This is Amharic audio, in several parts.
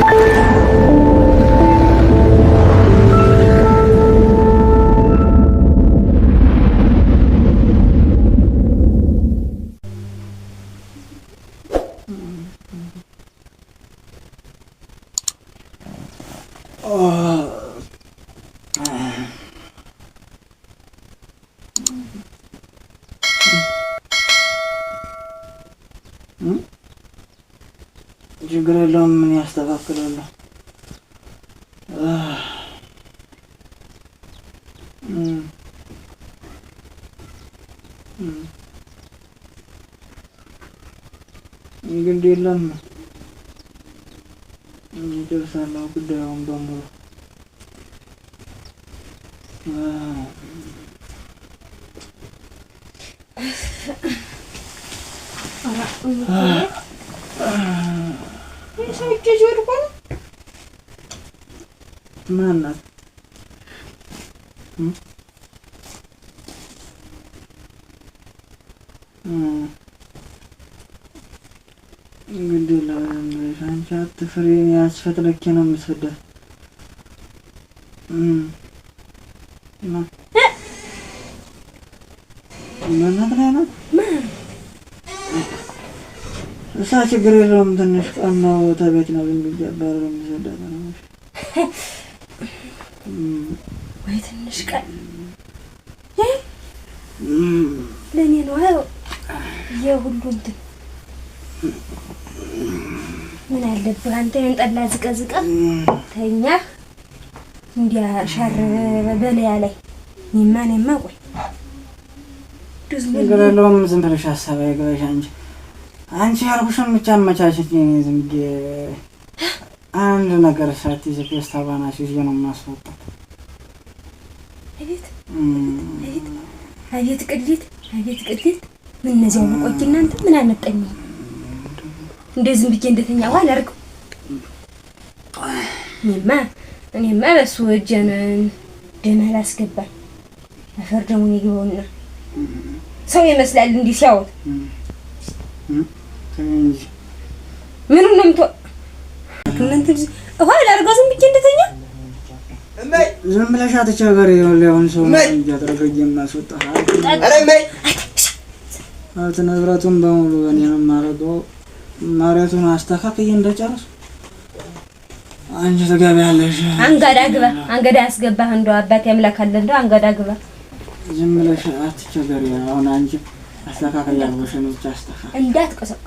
응? 어, 음. 음. juga belum nyastawa ke lo ah hmm hmm ini di dalam ini terusan mau ke ah ሰው እጅ ወድቆ ነው። ማናት እንግዲህ ለምሬሽ አንቺ አትፍሪ፣ ያስፈትለኬ ነው የምሰዳት ምናት ላይ ናት እሷ ችግር የለውም ትንሽ ቀን ነው ቤት ነው ግን ቢጀበር የሚሰዳት ነው ወይ ትንሽ ቀን ለእኔ ነው አው የሁሉ እንትን ምን አለብህ አንተ ይሄን ጠላ ዝቀዝቀ ተኛ እንዲያ ሻር በለያ ላይ ይማን እኔማ ቆይ ምን ገላለውም ዝም ብለሽ ሀሳብ አይገባሽ አንቺ አንቺ ያልኩሽን ብቻ አመቻቸት። ዝም አንድ ነገር ሳትይዝ ቤስታባናሽ ይዤ ነው የማስወጣት። አቤት ቅሌት፣ አቤት ቅሌት። ምን እነዚያው ልቆች እናንተ ምን አነጠኝ እንደ ዝም ብዬ እንደተኛ ዋ አላርግ። እኔማ እኔማ በሱ እጄን ደም አላስገባም። አፈር ደሙን ይግባውና ሰው ይመስላል እንዲህ ሲያወት ምንም ነው የምትወ እናንተ ውሃ ዝም ብዬሽ እንደተኛ ዝም ብለሽ አትች ሀገር ሰው እያደረገኝ የማስወጣ ንብረቱን በሙሉ በእኔ ነው የማደርገው። መሬቱን አስተካክዬ እንደጨርስ አንቺ ትገቢያለሽ። አንገዳ ግባ፣ አንገዳ ያስገባህ እንደው አባት ያምላክ እንደው አንገዳ ግባ። ዝም ብለሽ አትቸገሪ። አሁን አንቺ አስተካክያለሽ ብቻ አስተካክል እንዳትቀሰቀ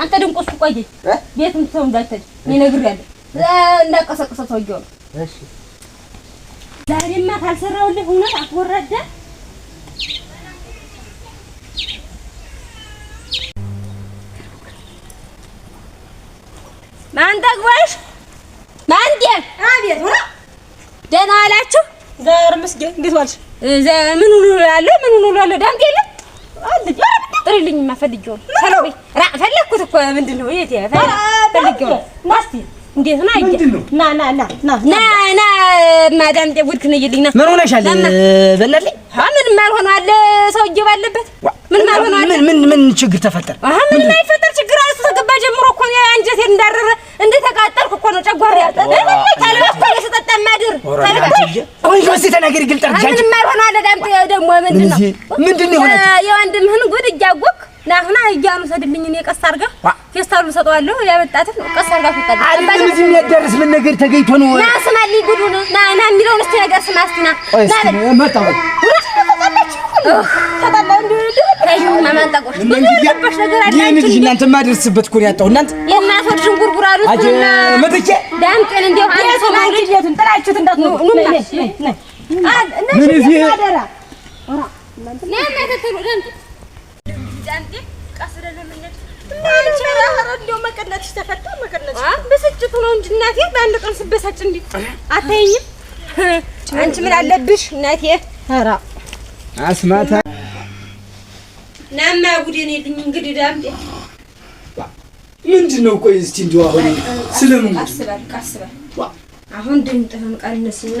አንተ ድንቁስ ቆይ፣ ቤትም ሰው እንዳልተጅ እነግርሃለሁ። እንዳቀሰቀሰው ሰውዬው ነው። እሺ ዛሬማ ካልሰራሁልህ እውነት አትወራደ ማን ጠግቧሽ? ማን አቤት፣ ደህና ዋላችሁ? ዛር ምስጌ እንዴት ዋልሽ? ምን ሁሉ ያለው ምን ሆኖ ነው ያለ ዳምጤ የለም አለ ጥሪልኝ ማፈልጊው ሰላዊ ራ ፈለኩት እኮ ምንድን ነው የት ፈልጊው ናስቲ እንዴት ነው አየ ና ና ና ና ና ና ማዳም ደውልክ ነው ይልኝና ምን ሆነሻል? በላልኝ ምን ማልሆነ አለ ሰውዬ ባለበት ምን ማልሆነ አለ ምን ምን ችግር ተፈጠረ? አሃ ምን ማይፈጠር ችግር አለ። ተገባ ጀምሮ እኮ ነው አንጀቴ እንዳረረ እንደ ተቃጠልኩ እኮ ነው ጨጓራ ያጠ ታለበት ታለበት ተጠጣ ማድር ታለበት ወይ ጋር ሲተናገር ይግል ጠርጃጅ ምን ማልሆነ አለ ደግሞ ምንድን ነው ምንድን ነው የወንድምህን ጉድ እያጎክ ናሁና እያኑ ሰድልኝ። እኔ ቀስ አድርጋ ፌስታሉን ሰጠዋለሁ። ያመጣትን ቀስ አድርጋ ፈጣለሁ። እዚህ የሚያዳርስ ምን ነገር ተገኝቶ ነው? ና ስማሊ፣ ጉዱ ና ና የሚለውን እስቲ ነገር ስማ እስቲ ና መጣሁ እናንተ የማደርስበት እኮ ነው ያጣሁ። እናንተ የእናቶች ሽንጉርጉር አሉት ብስጭቱ ነው እንጂ እናቴ በአንድ ቀን ስበሳጭ እንዴ አታየኝም? አንቺ ምን አለብሽ እናቴ? ኧረ አስማታ ናማ ጉዴ ነው እንግዲህ ዳምጤ ምንድን ነው? ቆይ እስኪ እንደው አሁን ስለምን አስበል አስበል አሁን ድምፅህን ቀንስና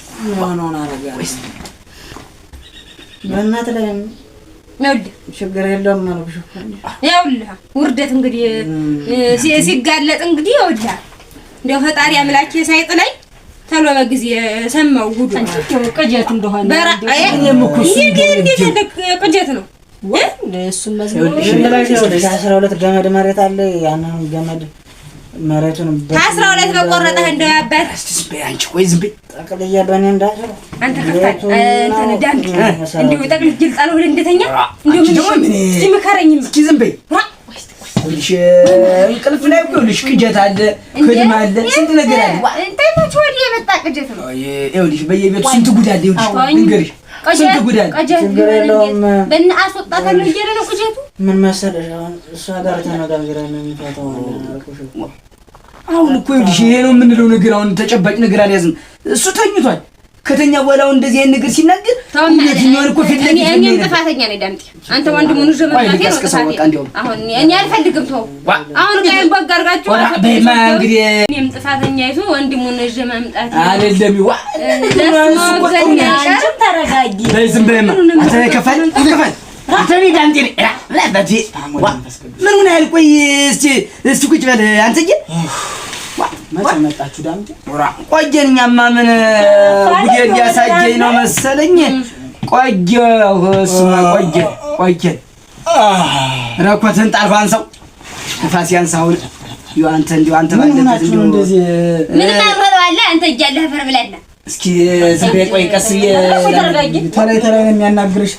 የሆነውን አደርጋለሁ። በእናትህ ላይ ችግር የለውም አልኩሽ እኮ ይኸውልህ፣ ውርደት እንግዲህ ሲጋለጥ እንግዲህ ይኸውልህ፣ እንደው ፈጣሪ አምላኬ ሳይጥለኝ ተሎ በጊዜ ሰማሁ ጉዱ ቅጀት እንደሆነ ቅጀት ነው። እሱም አስራ ሁለት ገመድ መሬት አለ ያንን ገመድ መሬቱን ከአስራ ሁለት በቆረጠህ እንደው ያባት አንቺ ቆይ ዝም በይ። ጠቅልያለሁ እኔ እንዳትለው አንተ ከፍታ እንዲሁ ጠቅልዬ ልጣለው ብለህ እንደተኛ ምከረኝ። ዝም አለ፣ ህድም አለ፣ ስንት ነገር አለ። ይኸውልሽ በየቤቱ ስንት ጉድ አለ። ይኸውልሽ ልንገርሽ ምን መሰለሽ እሷ ጋር ተነጋግረን የሚፈታው አሁን እኮ ይኸውልሽ ይሄ ነው የምንለው ነገር አሁን ተጨባጭ ነገር አልያዝም። እሱ ተኝቷል። ከተኛ በኋላው እንደዚህ አይነት ነገር ሲናገር የትኛውን እኮ ፊት ለፊት እኔም ጥፋተኛ ነኝ። ዳምጤ አንተ ወንድም ነው ዘመን ማለት ነው ጥፋቴ። አሁን እኔ አልፈልግም። ተው አሁን ጋር በግ አድርጋችሁ በማ እንግዲህ እኔም ጥፋተኛ አይቶ ወንድሙን ነው ዘመን ማምጣት አይደለም። ይዋ አንተም ተረጋጊ። በዝም በማ አንተ ከፋል ከፋል አንተ እኔ ዳምጤ ነኝ። ምን ምን ያህል ቆይ እስቲ እስቲ ቁጭ በል አንተዬ መቼ መጣችሁ? ዳምጤ ቆየን። እኛማ ምን ጉዴ እያሳየኝ ነው መሰለኝ። ቆየሁ እሱማ ቆየ ቆየን። ረኮትን ጣልፋ ሰው ንፋስ ያንሳውን አንተ እንዲሁ አንተ ባለበት እንደዚህ ምንም አልበለዋለህ አንተ እያለህ ፈር እስኪ ዝም በይ ቆይ፣ ቀስ ተላይ ተላይ ነው የሚያናግርሽ።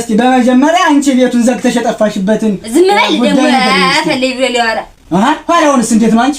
እስኪ በመጀመሪያ አንቺ ቤቱን ዘግተሽ የጠፋሽበትን ዝም በል ደግሞ ብሎ ኋላውንስ እንዴት ነው አንቺ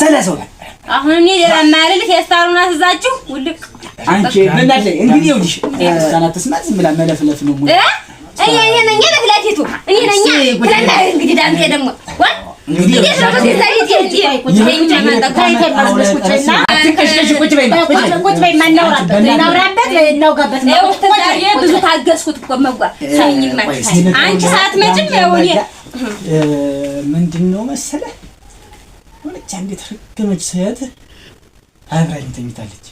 ስለ ሰው አሁን እኔ ለማያልል ፌስታሉን አስዛችሁ ውልቅ አንቺ በእናትህ እንግዲህ ይኸውልሽ ሳናተስማ ዝም ብላ መለፍለፍ ነው ሙሉ እኔ እኔ ነኝ ለፍለፊቱ እኔ ነኝ ለና እንግዲህ ዳምጤ ደግሞ ወን ብዙ ታገዝኩት እኮ መጓዝ አንቺ ሰዓት መጭም ምንድን ነው መሰለህ ሆነች አንድ የተረገመች ሴት አብራኝ ተኝታለች።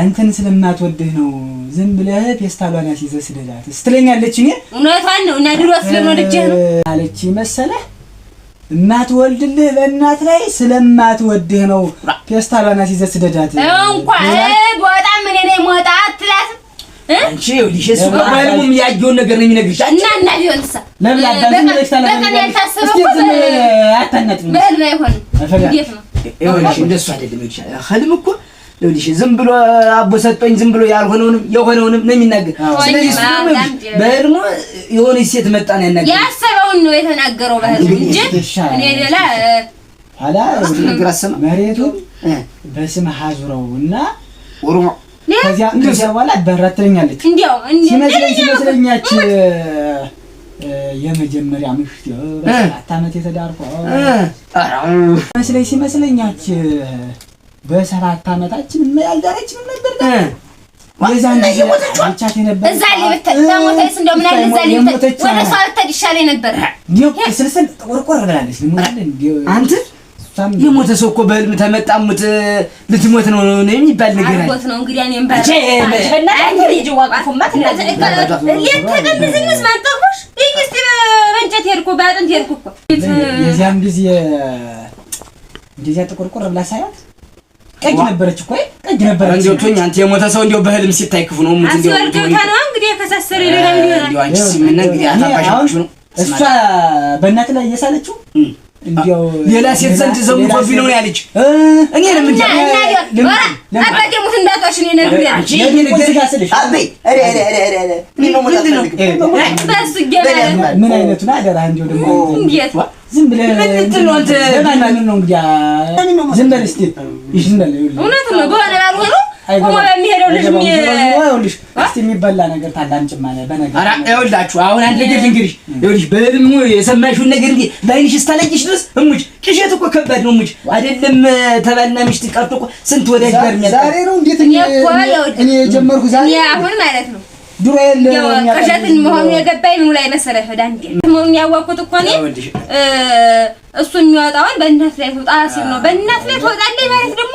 አንተን ስለማትወድህ ነው ዝም ብለህ ፌስታሏን ያስይዘህ ስደዳት ስትለኛለች። እኔ እውነቷን ነው እና ድሮ ስለምወድጅ ነው አለች መሰለህ የማትወልድልህ በእናት ላይ ስለማትወድህ ነው ፌስታሏን ያስይዘህ ስደዳት። እንኳን በጣም እኔ ነኝ ሞጣ አትላትም አንቺ ይኸውልሽ እሱ ሞባይሉም ያየውን ነገር ነው የሚነግርሽ። እና እና ቢሆንሳ ለምን አዳም ነው እንደሱ አይደለም ይችላል ህልም እኮ ይኸውልሽ ዝም ብሎ አቦ ሰጠኝ ዝም ብሎ ያልሆነውንም የሆነውንም ነው የሚናገር። ስለዚህ በህልሙ የሆነች ሴት መጣ ነው ያናገረው። ያሰበውን ነው የተናገረው በህልም እንጂ እኔ ሌላ ኋላ ነገር አሰማ መሬቱን በስም ሀዙረው እና ወሩሞ ከዚያ በኋላ አባራትለኛለች። እንዲያው ሲመስለኝ ሲመስለኛች የመጀመሪያ ምሽት በሰባት ዓመት የተዳርኩ መስለኝ ሲመስለኛች በሰባት ዓመታችን ያልዳረች ነበር ነበር ስልስል ብላለች። አንተ የሞተ ሰው እኮ በህልም ተመጣ ሙት ልትሞት ነው የሚባል ነገር አለ ነው እንግዲህ እኔም ባል እንደዚያ ጥቁርቁር ብላ ሳያት ቀጅ ነበረች እኮ ቀጅ ነበረች። እንደው ቶኛ አንተ የሞተ ሰው እንደው በህልም ሲታይ ክፉ ነው ሙት እንደው እንግዲህ ከሳሰረ ሌላ ይሆናል። አንቺ ሲምና እንግዲህ አታባሽ ነው እሷ በእናት ላይ እየሳለችው ሌላ ሴት ዘንድ ዘሙቶብኝ ነው ያለች። እኔ ምን አይነቱን አደራ እንደው ደግሞ ዝም ብለህ ነው የሚበላ ነገር ይኸውላችሁ፣ አሁን አንድ ነገር ልንገርሽ። ይኸውልሽ በህልም የሰማሽውን ነገር በዓይንሽ እስታለይሽ ድረስ እሙች ቅዠት እኮ ከባድ ነው። እሙች አይደለም ተባልና ሚስት ቀርቶ እኮ ስንት ወዳጅ ጋር ዛሬ ነው እንዴት እኔ የጀመርኩ ዛሬ አሁን ማለት ነው ድሮ ቅዠትን መሆኑ የገባኝ ምኑ ላይ መሰለህ? ዳንዴ መሆኑን ያዋኩት እኮ እኔ እሱ የሚወጣውን በእናት ላይ ትወጣ ሲል ነው። በእናት ላይ ትወጣለች ማለት ደግሞ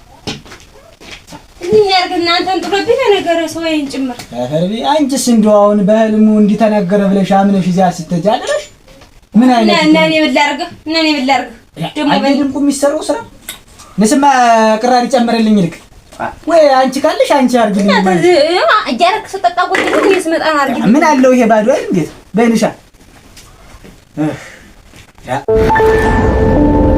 ምን ያርግ እናንተን ጭምር አንቺስ እንደው አሁን በህልሙ እንዲህ ተነገረ ብለሽ አምነሽ እዚያ ስትሄጂ ምን አይነት የሚሰራው ስራ ንስማ ቅራሪ ጨምርልኝ ይልቅ ወይ አንቺ ካለሽ አንቺ ምን አለው ይሄ ባዶ አይደል እንዴት